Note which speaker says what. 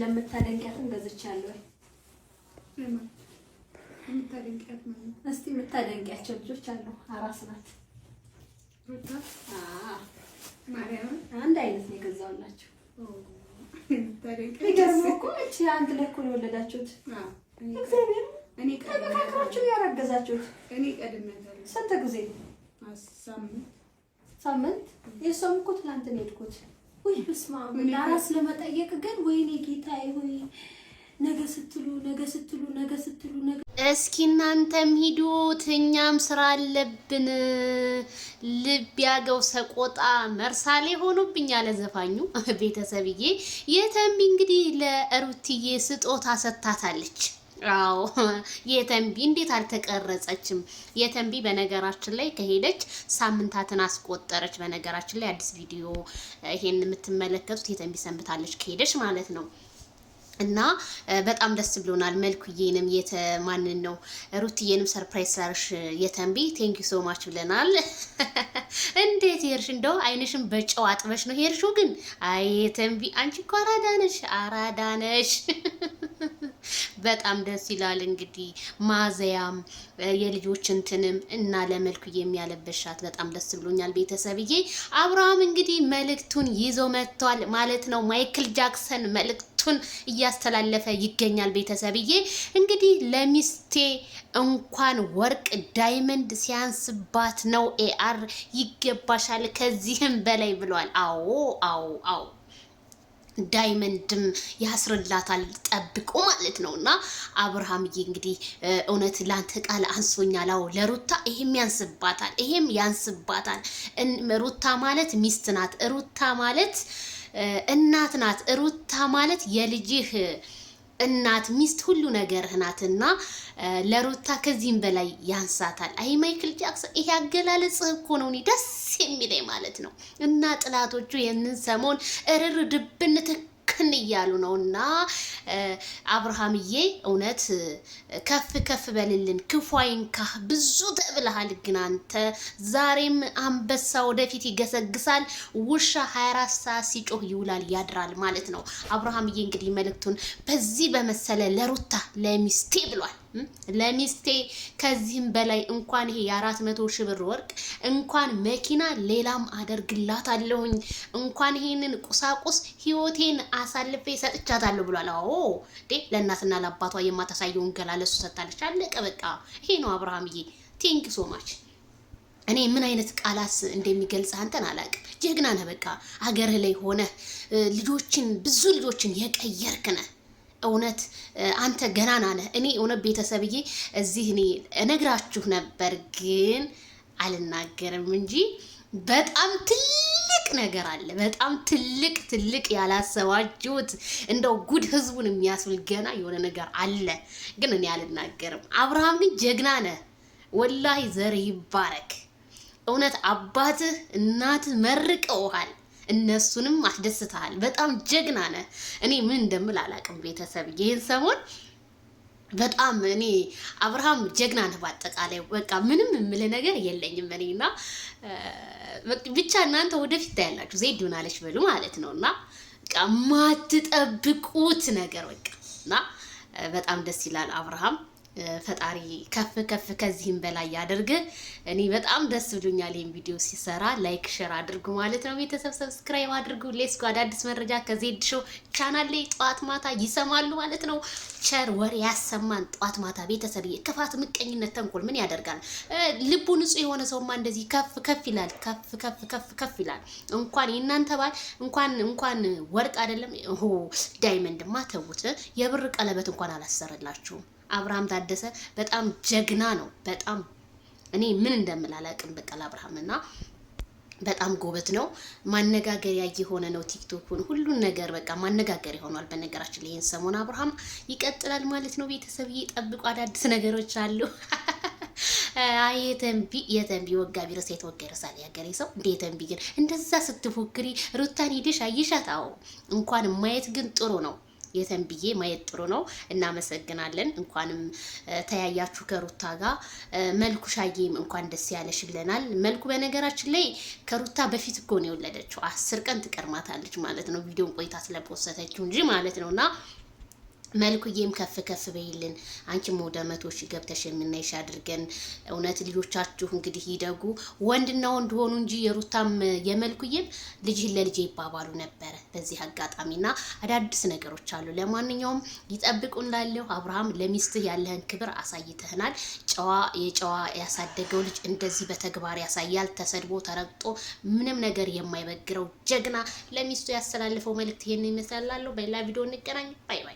Speaker 1: ለምታደንቂያትም ገዝቻለሁ። እስቲ የምታደንቂያቸው ልጆች አሉ። አራስ ናት። አንድ አይነት ነው የገዛውላቸው። የሚገርመው እኮ እቺ አንድ ላይ እኮ ነው የወለዳችሁት። እግዚአብሔር ተመካክራችሁ ያረገዛችሁት። ስንት ጊዜ? ሳምንት። የእሷም እኮ ትናንት ነው የሄድኩት ወይ በስመ አብ አራስ ለመጠየቅ ግን ወይኔ ጌታዬ ሆይ ነገ ስትሉ ነገ ስትሉ ነገ ስትሉ ነገ እስኪ እናንተም ሂዱት፣ እኛም ስራ አለብን። ልብ ያገው ሰቆጣ መርሳሌ ሆኖብኛል ዘፋኙ ቤተሰብዬ። የተሚ እንግዲህ ለሩትዬ ስጦታ ሰጥታታለች። አዎ የተንቢ እንዴት አልተቀረጸችም? የተንቢ በነገራችን ላይ ከሄደች ሳምንታትን አስቆጠረች። በነገራችን ላይ አዲስ ቪዲዮ ይሄን የምትመለከቱት የተንቢ ሰንብታለች ከሄደች ማለት ነው። እና በጣም ደስ ብሎናል። መልኩዬንም የተማንን ነው ሩትዬንም ሰርፕራይዝ ሰርሽ የተንቢ ቴንኪ ሶ ማች ብለናል። እንዴት ሄርሽ? እንደው አይንሽን በጨው አጥበሽ ነው ሄርሹ። ግን አይ የተንቢ አንቺ እኮ አራዳነሽ አራዳነሽ በጣም ደስ ይላል። እንግዲህ ማዘያም የልጆች እንትንም እና ለመልኩ የሚያለበሻት በጣም ደስ ብሎኛል ቤተሰብዬ። አብርሃም እንግዲህ መልእክቱን ይዞ መጥቷል ማለት ነው። ማይክል ጃክሰን መልእክቱን እያስተላለፈ ይገኛል ቤተሰብዬ። እንግዲህ ለሚስቴ እንኳን ወርቅ ዳይመንድ ሲያንስባት ነው ኤአር ይገባሻል፣ ከዚህም በላይ ብሏል። አዎ አዎ አዎ ዳይመንድም ያስርላታል ጠብቆ ማለት ነው። እና አብርሃምዬ እንግዲህ እውነት ለአንተ ቃል አንሶኛል። አዎ ለሩታ ይሄም ያንስባታል፣ ይሄም ያንስባታል። ሩታ ማለት ሚስት ናት። ሩታ ማለት እናት ናት። ሩታ ማለት የልጅህ እናት፣ ሚስት፣ ሁሉ ነገር ናት እና ለሩታ ከዚህም በላይ ያንሳታል። አይ ማይክል ጃክሰን፣ ይሄ አገላለጽህ እኮ ነው እኔ ደስ የሚለኝ ማለት ነው። እና ጥላቶቹ ይህንን ሰሞን እርር ድብን ትክን እያሉ ነው እና አብርሃምዬ እውነት ከፍ ከፍ በልልን፣ ክፉ አይንካህ። ብዙ ተብለሃል፣ ግን አንተ ዛሬም አንበሳ ወደፊት ይገሰግሳል፣ ውሻ 24 ሰዓት ሲጮህ ይውላል ያድራል ማለት ነው። አብርሃምዬ እንግዲህ መልእክቱን በዚህ በመሰለ ለሩታ ለሚስቴ ብሏል። ለሚስቴ ከዚህም በላይ እንኳን ይሄ የአራት መቶ ሺህ ብር ወርቅ እንኳን መኪና ሌላም አደርግላታለሁኝ እንኳን ይሄንን ቁሳቁስ ህይወቴን አሳልፌ ሰጥቻታለሁ ብሏል። አዎ ለእናትና ለአባቷ የማታሳየውን ገላ ሰጥታለች። አለቀ በቃ ይሄ ነው አብርሃምዬ። ቴንክ ሶ ማች እኔ ምን አይነት ቃላት እንደሚገልጽ አንተን አላውቅም። ጀግና ነህ። በቃ አገርህ ላይ ሆነህ ልጆችን ብዙ ልጆችን የቀየርክ ነህ። እውነት አንተ ገናና ነህ። እኔ እውነት ቤተሰብዬ እዚህ እኔ እነግራችሁ ነበር ግን አልናገርም እንጂ በጣም ትልቅ ነገር አለ። በጣም ትልቅ ትልቅ ያላሰባችሁት እንደው ጉድ ህዝቡን የሚያስብል ገና የሆነ ነገር አለ፣ ግን እኔ አልናገርም። አብርሃም ግን ጀግና ነህ። ወላሂ ዘርህ ይባረክ። እውነት አባትህ እናትህ መርቀውሃል። እነሱንም አስደስተሃል። በጣም ጀግና ነህ። እኔ ምን እንደምል አላውቅም። ቤተሰብ ይህን ሰሞን በጣም እኔ አብርሃም ጀግና ነህ። በአጠቃላይ በቃ ምንም የምልህ ነገር የለኝም። እኔ እና ብቻ እናንተ ወደፊት ታያላችሁ። ዜድ ሆናለች በሉ ማለት ነው እና ማትጠብቁት ነገር በቃ እና በጣም ደስ ይላል አብርሃም ፈጣሪ ከፍ ከፍ ከዚህም በላይ ያደርግ። እኔ በጣም ደስ ብሎኛል ይህን ቪዲዮ ሲሰራ። ላይክ ሼር አድርጉ ማለት ነው። ቤተሰብ ሰብስክራይብ አድርጉ። ሌስ ጎ አዳዲስ መረጃ ከዜድ ሾው ቻናል ላይ ጠዋት ማታ ይሰማሉ ማለት ነው። ቸር ወሬ ያሰማን ጠዋት ማታ ቤተሰብ። ክፋት፣ ምቀኝነት፣ ተንኮል ምን ያደርጋል? ልቡ ንጹህ የሆነ ሰውማ እንደዚህ ከፍ ከፍ ይላል። ከፍ ከፍ ከፍ ከፍ ይላል። እንኳን የእናንተ ባል እንኳን እንኳን ወርቅ አይደለም ዳይመንድማ ተውት፣ የብር ቀለበት እንኳን አላሰረላችሁም። አብርሃም ታደሰ በጣም ጀግና ነው። በጣም እኔ ምን እንደምል አላውቅም። በቃል አብርሃም እና በጣም ጎበት ነው። ማነጋገሪያ የሆነ ነው። ቲክቶክን ሁሉን ነገር በቃ ማነጋገሪያ ሆኗል። በነገራችን ላይ ይህን ሰሞን አብርሃም ይቀጥላል ማለት ነው። ቤተሰብ ጠብቁ፣ አዳዲስ ነገሮች አሉ። የተንቢ የተንቢ ወጋ ቢረሳ የተወጋ ይረሳል ያገሬ ሰው እንደ የተንቢ ግን እንደዛ ስትፎክሪ ሩታን ሄደሽ አየሻት? አዎ እንኳን ማየት ግን ጥሩ ነው። የተንብዬ ማየት ጥሩ ነው። እናመሰግናለን። እንኳንም ተያያችሁ ከሩታ ጋር መልኩ ሻዬም እንኳን ደስ ያለሽ ብለናል። መልኩ በነገራችን ላይ ከሩታ በፊት እኮ ነው የወለደችው። አስር ቀን ትቀርማታለች ማለት ነው ቪዲዮን ቆይታ ስለፖሰተችው እንጂ ማለት ነው እና መልኩዬም ከፍ ከፍ በይልን አንቺም ወደ መቶ ሺህ ገብተሽ የምናይሽ አድርገን። እውነት ልጆቻችሁ እንግዲህ ይደጉ ወንድና ወንድ ሆኑ እንጂ የሩታም የመልኩዬም ልጅህን ለልጅ ይባባሉ ነበረ። በዚህ አጋጣሚና አዳዲስ ነገሮች አሉ። ለማንኛውም ይጠብቁን ላለሁ አብርሃም፣ ለሚስትህ ያለህን ክብር አሳይተህናል። ጨዋ የጨዋ ያሳደገው ልጅ እንደዚህ በተግባር ያሳያል። ተሰድቦ ተረግጦ ምንም ነገር የማይበግረው ጀግና ለሚስቱ ያስተላልፈው መልእክት ይሄን ይመስላለሁ። በሌላ ቪዲዮ እንገናኝ። ባይ ባይ።